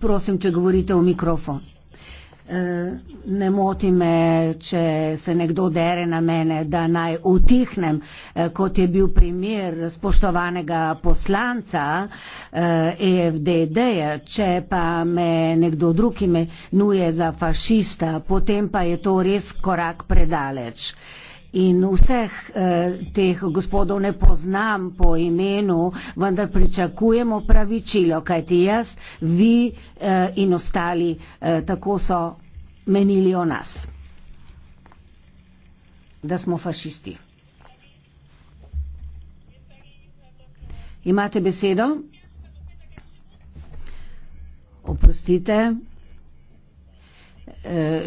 Prosim, če govorite v mikrofon. E, ne moti me, če se nekdo dere na mene, da naj utihnem, e, kot je bil primer spoštovanega poslanca EFDD. E če pa me nekdo drug imenuje za fašista, potem pa je to res korak predaleč in vseh eh, teh gospodov ne poznam po imenu, vendar pričakujemo pravičilo, kajti jaz, vi eh, in ostali eh, tako so menili o nas, da smo fašisti. Imate besedo? Oprostite,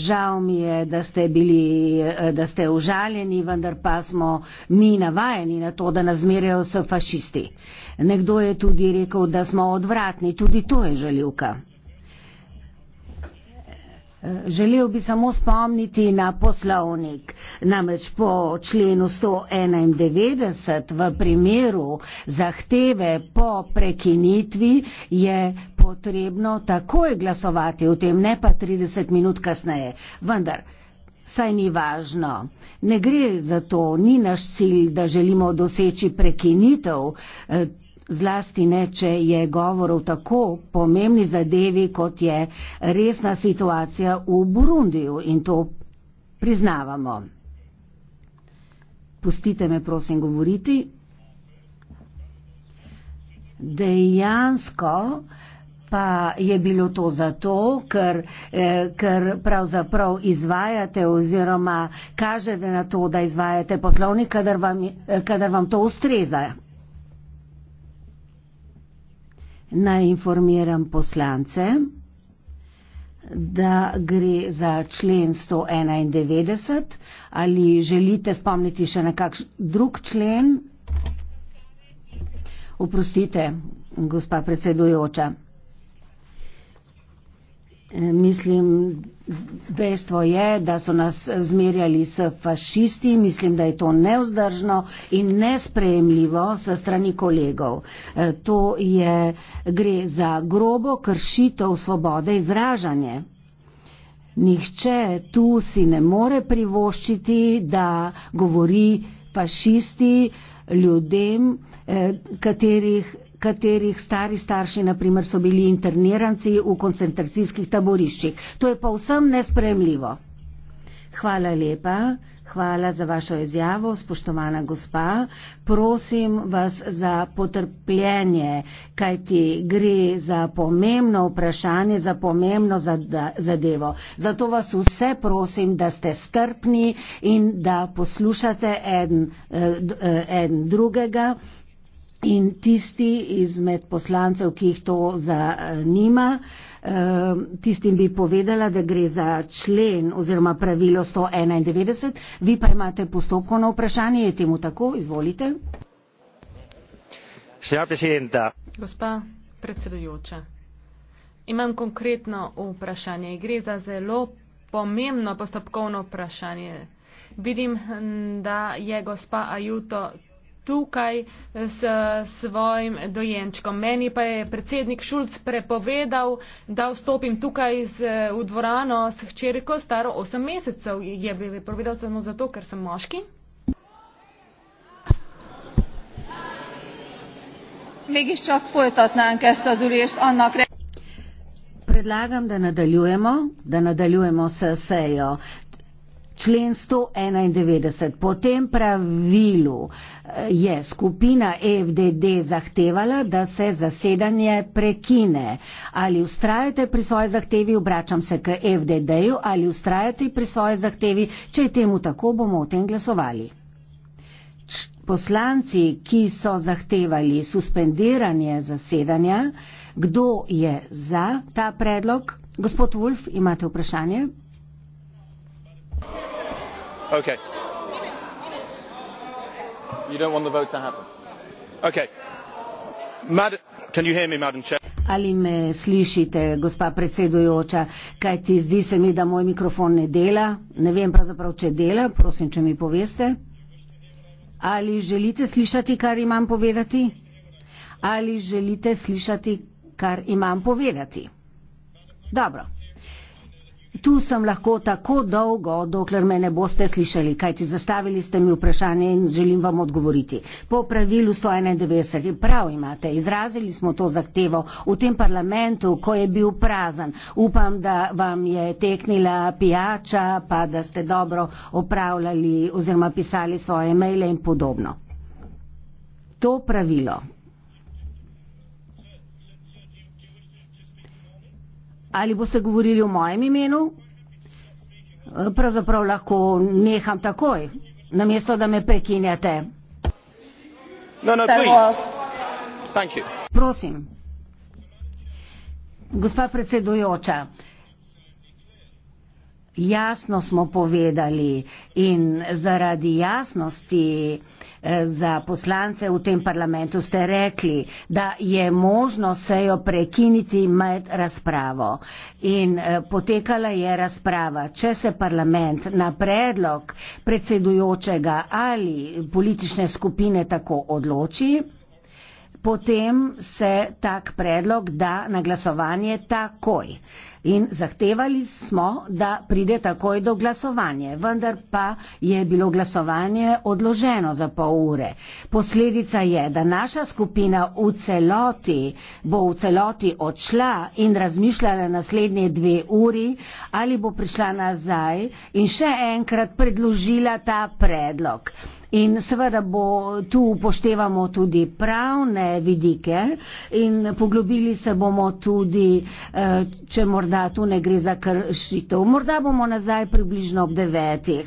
Žal mi je, da ste, bili, da ste užaljeni, vendar pa smo mi navajeni na to, da nas merijo s fašisti. Nekdo je tudi rekel, da smo odvratni, tudi to je žaljivka. Želel bi samo spomniti na poslovnik. Namreč po členu 191 v primeru zahteve po prekinitvi je potrebno takoj glasovati o tem, ne pa 30 minut kasneje. Vendar, saj ni važno. Ne gre za to, ni naš cilj, da želimo doseči prekinitev. Eh, zlasti ne, če je govor o tako pomembni zadevi, kot je resna situacija v Burundiju in to priznavamo. Pustite me, prosim, govoriti. Dejansko pa je bilo to zato, ker, eh, ker pravzaprav izvajate oziroma kažete na to, da izvajate poslovnik, kadar vam, eh, kadar vam to ustreza. naj informiram poslance, da gre za člen 191 ali želite spomniti še na kakšen drug člen? Oprostite, gospa predsedujoča. Mislim, dejstvo je, da so nas zmerjali s fašisti, mislim, da je to neuzdržno in nesprejemljivo sa strani kolegov. E, to je, gre za grobo kršitev svobode izražanje. Nihče tu si ne more privoščiti, da govori fašisti ljudem, e, katerih katerih stari starši, naprimer, so bili interniranci v koncentracijskih taboriščih. To je pa vsem nespremljivo. Hvala lepa. Hvala za vašo izjavo, spoštovana gospa. Prosim vas za potrpljenje, kajti gre za pomembno vprašanje, za pomembno zadevo. Zato vas vse prosim, da ste strpni in da poslušate en, eh, eh, en drugega. In tisti izmed poslancev, ki jih to zanima, eh, tistim bi povedala, da gre za člen oziroma pravilo 191. Vi pa imate postopkovno vprašanje, je temu tako? Izvolite. Gospa predsedujoča, imam konkretno vprašanje. Gre za zelo pomembno postopkovno vprašanje. Vidim, hm, da je gospa Ajuto tukaj s svojim dojenčkom. Meni pa je predsednik Šulc prepovedal, da vstopim tukaj z, v dvorano s hčeriko staro 8 mesecev. Je bi prepovedal samo zato, ker sem moški? Mégis csak folytatnánk ezt az ülést annak Predlagam, da nadaljujemo, da nadaljujemo s sejo člen 191. Po tem pravilu eh, je skupina EFDD zahtevala, da se zasedanje prekine. Ali ustrajate pri svoji zahtevi, obračam se k EFDD-ju, ali ustrajate pri svoji zahtevi, če je temu tako, bomo o tem glasovali. Č poslanci, ki so zahtevali suspendiranje zasedanja, kdo je za ta predlog? Gospod Wolf, imate vprašanje? okay you don't want the vote to happen okay madam can you hear me madam chair Ali me slišite, gospa predsedujoča, kaj ti zdi se mi, da moj mikrofon ne dela? Ne vem pravzaprav, če dela, prosim, če mi poveste. Ali želite slišati, kar imam povedati? Ali želite slišati, kar imam povedati? Dobro tu sem lahko tako dolgo, dokler me ne boste slišali, kajti zastavili ste mi vprašanje in želim vam odgovoriti. Po pravilu 191, prav imate, izrazili smo to zahtevo v tem parlamentu, ko je bil prazen. Upam, da vam je teknila pijača, pa da ste dobro opravljali oziroma pisali svoje maile in podobno. To pravilo Ali boste govorili v mojem imenu? Pravzaprav lahko neham takoj, namesto da me prekinjate. No, no, Prosim. Gospa predsedujoča, Jasno smo povedali in zaradi jasnosti eh, za poslance v tem parlamentu ste rekli, da je možno sejo prekiniti med razpravo. In eh, potekala je razprava, če se parlament na predlog predsedujočega ali politične skupine tako odloči, potem se tak predlog da na glasovanje takoj in zahtevali smo, da pride takoj do glasovanja. Vendar pa je bilo glasovanje odloženo za pol ure. Posledica je, da naša skupina v celoti bo v celoti odšla in razmišljala naslednje dve uri ali bo prišla nazaj in še enkrat predložila ta predlog. In seveda bo tu upoštevamo tudi pravne vidike in poglobili se bomo tudi, eh, če morda da tu ne gre za kršitev. Morda bomo nazaj približno ob devetih.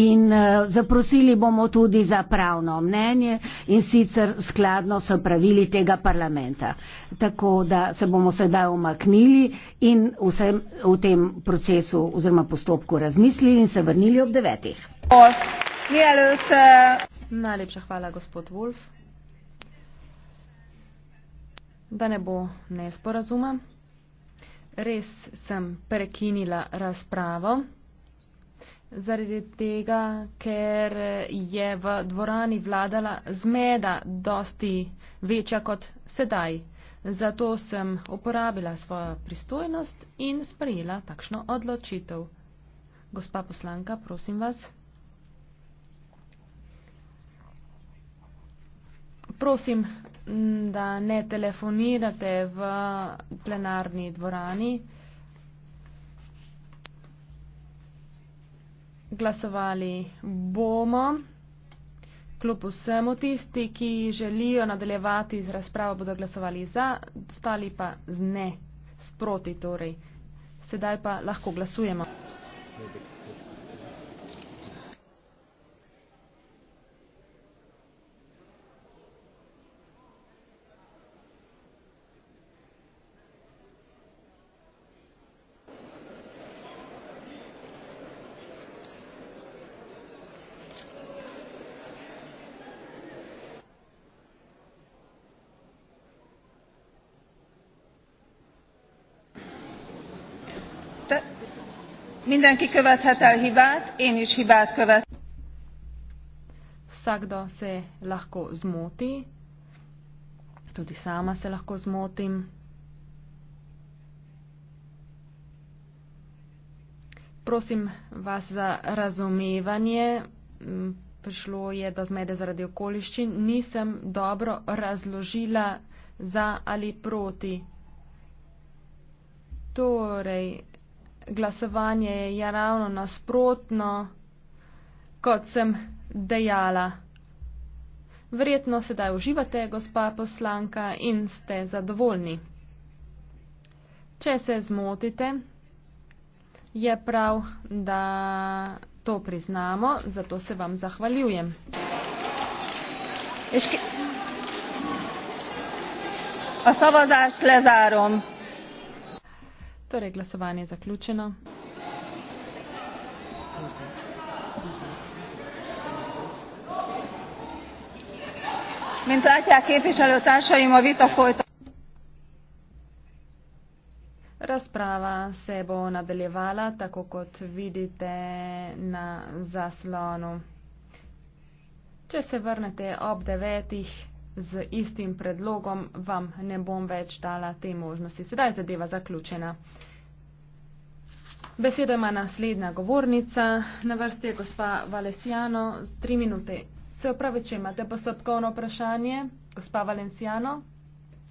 In uh, zaprosili bomo tudi za pravno mnenje in sicer skladno s pravili tega parlamenta. Tako da se bomo sedaj omaknili in vsem v tem procesu oziroma postopku razmislili in se vrnili ob devetih. Najlepša hvala, gospod Wolf da ne bo nesporazuma. Res sem prekinila razpravo, zaradi tega, ker je v dvorani vladala zmeda dosti večja kot sedaj. Zato sem uporabila svojo pristojnost in sprejela takšno odločitev. Gospa poslanka, prosim vas. Prosim, da ne telefonirate v plenarni dvorani. Glasovali bomo. Kljub vsemu tisti, ki želijo nadaljevati z razpravo, bodo glasovali za, ostali pa z ne, sproti torej. Sedaj pa lahko glasujemo. Nebiti. mindenki követhet el hibát, én is hibát követ. Vsakdo se lahko zmoti, tudi sama se lahko zmotim. Prosim vas za razumevanje. Mm, prišlo je do zmede zaradi okoliščin. Nisem dobro razložila za ali proti. Torej, glasovanje je ravno nasprotno, kot sem dejala. Verjetno sedaj uživate, gospa poslanka, in ste zadovoljni. Če se zmotite, je prav, da to priznamo, zato se vam zahvaljujem. Eške... A szavazás lezárom. Torej, glasovanje je zaključeno. Razprava se bo nadaljevala, tako kot vidite na zaslonu. Če se vrnete ob devetih, z istim predlogom, vam ne bom več dala te možnosti. Sedaj je zadeva zaključena. Besedo ima naslednja govornica, na vrsti je gospa Valenciano, tri minute. Se upravičujem, imate postopkovno vprašanje, gospa Valenciano?